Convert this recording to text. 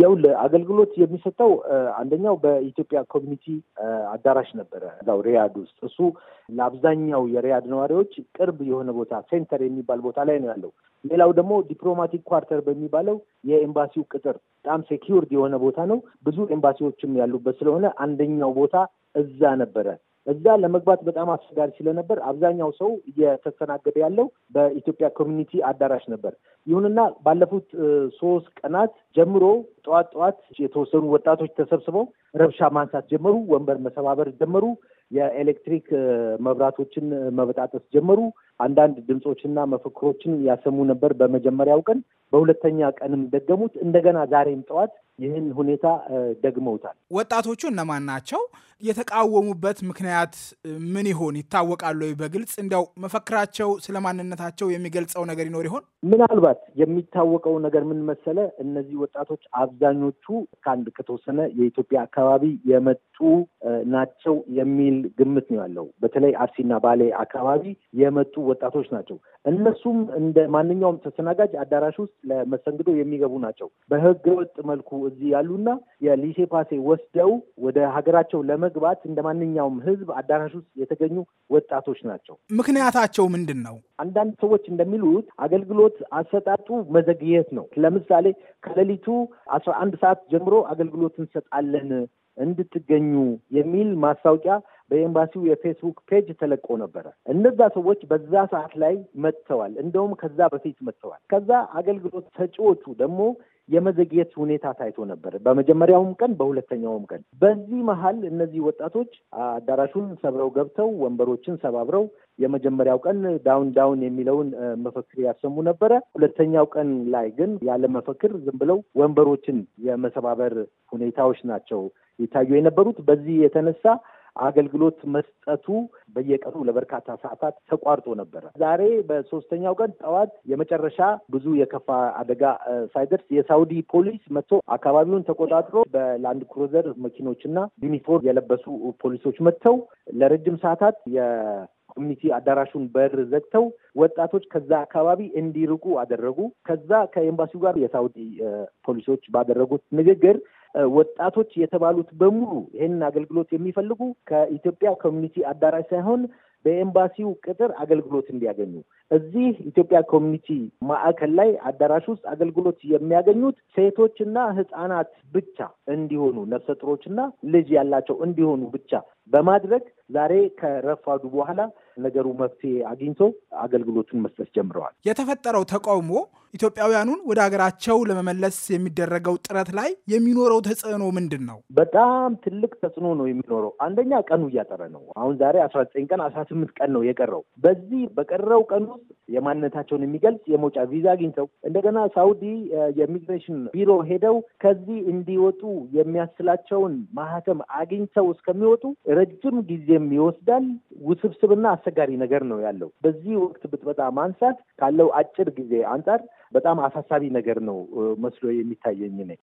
የውል አገልግሎት የሚሰጠው አንደኛው በኢትዮጵያ ኮሚኒቲ አዳራሽ ነበረ እዛው ሪያድ ውስጥ። እሱ ለአብዛኛው የሪያድ ነዋሪዎች ቅርብ የሆነ ቦታ ሴንተር የሚባል ቦታ ላይ ነው ያለው። ሌላው ደግሞ ዲፕሎማቲክ ኳርተር በሚባለው የኤምባሲው ቅጥር በጣም ሴኪዩርድ የሆነ ቦታ ነው። ብዙ ኤምባሲዎችም ያሉበት ስለሆነ አንደኛው ቦታ እዛ ነበረ። እዛ ለመግባት በጣም አስቸጋሪ ስለነበር አብዛኛው ሰው እየተስተናገደ ያለው በኢትዮጵያ ኮሚኒቲ አዳራሽ ነበር። ይሁንና ባለፉት ሶስት ቀናት ጀምሮ ጠዋት ጠዋት የተወሰኑ ወጣቶች ተሰብስበው ረብሻ ማንሳት ጀመሩ፣ ወንበር መሰባበር ጀመሩ፣ የኤሌክትሪክ መብራቶችን መበጣጠስ ጀመሩ። አንዳንድ ድምፆችና መፈክሮችን ያሰሙ ነበር በመጀመሪያው ቀን። በሁለተኛ ቀንም ደገሙት። እንደገና ዛሬም ጠዋት ይህን ሁኔታ ደግመውታል። ወጣቶቹ እነማን ናቸው? የተቃወሙበት ምክንያት ምን ይሆን? ይታወቃሉ ወይ? በግልጽ እንዲያው መፈክራቸው ስለ ማንነታቸው የሚገልጸው ነገር ይኖር ይሆን? ምናልባት በብዛት የሚታወቀው ነገር ምን መሰለ፣ እነዚህ ወጣቶች አብዛኞቹ ከአንድ ከተወሰነ የኢትዮጵያ አካባቢ የመጡ ናቸው የሚል ግምት ነው ያለው። በተለይ አርሲና ባሌ አካባቢ የመጡ ወጣቶች ናቸው። እነሱም እንደ ማንኛውም ተስተናጋጅ አዳራሽ ውስጥ ለመስተንግዶ የሚገቡ ናቸው። ወጥ መልኩ እዚህ ያሉና የሊሴ ፓሴ ወስደው ወደ ሀገራቸው ለመግባት እንደ ማንኛውም ህዝብ አዳራሽ ውስጥ የተገኙ ወጣቶች ናቸው። ምክንያታቸው ምንድን ነው? አንዳንድ ሰዎች እንደሚሉት አገልግሎት አሰ አሰጣጡ መዘግየት ነው። ለምሳሌ ከሌሊቱ አስራ አንድ ሰዓት ጀምሮ አገልግሎት እንሰጣለን እንድትገኙ የሚል ማስታወቂያ በኤምባሲው የፌስቡክ ፔጅ ተለቆ ነበረ። እነዛ ሰዎች በዛ ሰዓት ላይ መጥተዋል። እንደውም ከዛ በፊት መጥተዋል። ከዛ አገልግሎት ሰጪዎቹ ደግሞ የመዘግየት ሁኔታ ታይቶ ነበር፣ በመጀመሪያውም ቀን፣ በሁለተኛውም ቀን። በዚህ መሀል እነዚህ ወጣቶች አዳራሹን ሰብረው ገብተው ወንበሮችን ሰባብረው የመጀመሪያው ቀን ዳውን ዳውን የሚለውን መፈክር ያሰሙ ነበረ። ሁለተኛው ቀን ላይ ግን ያለ መፈክር ዝም ብለው ወንበሮችን የመሰባበር ሁኔታዎች ናቸው ይታዩ የነበሩት። በዚህ የተነሳ አገልግሎት መስጠቱ በየቀኑ ለበርካታ ሰዓታት ተቋርጦ ነበረ። ዛሬ በሶስተኛው ቀን ጠዋት የመጨረሻ ብዙ የከፋ አደጋ ሳይደርስ የሳውዲ ፖሊስ መጥቶ አካባቢውን ተቆጣጥሮ በላንድ ክሩዘር መኪኖችና ዩኒፎርም የለበሱ ፖሊሶች መጥተው ለረጅም ሰዓታት የኮሚኒቲ አዳራሹን በር ዘግተው ወጣቶች ከዛ አካባቢ እንዲርቁ አደረጉ። ከዛ ከኤምባሲው ጋር የሳውዲ ፖሊሶች ባደረጉት ንግግር ወጣቶች የተባሉት በሙሉ ይህንን አገልግሎት የሚፈልጉ ከኢትዮጵያ ኮሚኒቲ አዳራሽ ሳይሆን በኤምባሲው ቅጥር አገልግሎት እንዲያገኙ እዚህ ኢትዮጵያ ኮሚኒቲ ማዕከል ላይ አዳራሽ ውስጥ አገልግሎት የሚያገኙት ሴቶችና ሕጻናት ብቻ እንዲሆኑ ነፍሰ ልጅ ያላቸው እንዲሆኑ ብቻ በማድረግ ዛሬ ከረፋዱ በኋላ ነገሩ መፍትሄ አግኝቶ አገልግሎቱን መስጠት ጀምረዋል። የተፈጠረው ተቃውሞ ኢትዮጵያውያኑን ወደ ሀገራቸው ለመመለስ የሚደረገው ጥረት ላይ የሚኖረው ተጽዕኖ ምንድን ነው? በጣም ትልቅ ተጽዕኖ ነው የሚኖረው። አንደኛ ቀኑ እያጠረ ነው። አሁን ዛሬ አስራ ዘጠኝ ቀን አስራ ስምንት ቀን ነው የቀረው። በዚህ በቀረው ቀን ውስጥ የማንነታቸውን የሚገልጽ የመውጫ ቪዛ አግኝተው እንደገና ሳውዲ የኢሚግሬሽን ቢሮ ሄደው ከዚህ እንዲወጡ የሚያስችላቸውን ማህተም አግኝተው እስከሚወጡ ረጅም ጊዜም ይወስዳል። ውስብስብና አስቸጋሪ ነገር ነው ያለው። በዚህ ወቅት ብጥበጣ ማንሳት ካለው አጭር ጊዜ አንጻር በጣም አሳሳቢ ነገር ነው መስሎ የሚታየኝ ነኝ።